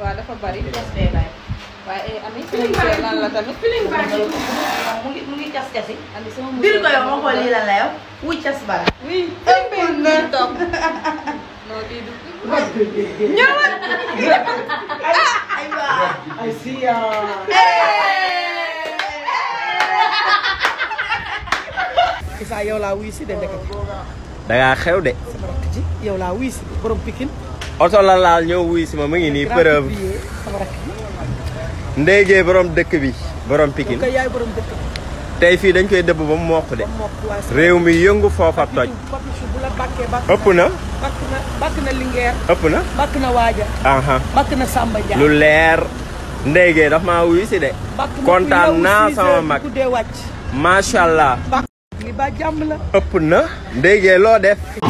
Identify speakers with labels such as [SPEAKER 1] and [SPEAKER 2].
[SPEAKER 1] wala fa bari cas fee laay waaye amit filim lan la tamit filim bari mu ngi mu ngi cas casi andi sama mu bir ko yow ma xool lii lan la yow wuy cas bara oui ëpp na topp non lii du
[SPEAKER 2] ñëwal ay waa ay siya
[SPEAKER 1] isa da ngaa xew de sama rakk ji yow laa wuy borom pikin oto la laal ñëw wuy si ma ngi ni nii ndey ndéegee borom dëkk bi borom pikin ko yaay borom tay fi dañ koy debbu ba mu mokk de rew mi yëngu fofa toj
[SPEAKER 2] ëpp na bak na lingeer ëpp na bak na waja aha bak na samba ja lu
[SPEAKER 1] leer ndey ndéegee daf ma wuy si de kontaan na sama mag macha allah li ba jàmm la ëpp na ndéegee loo def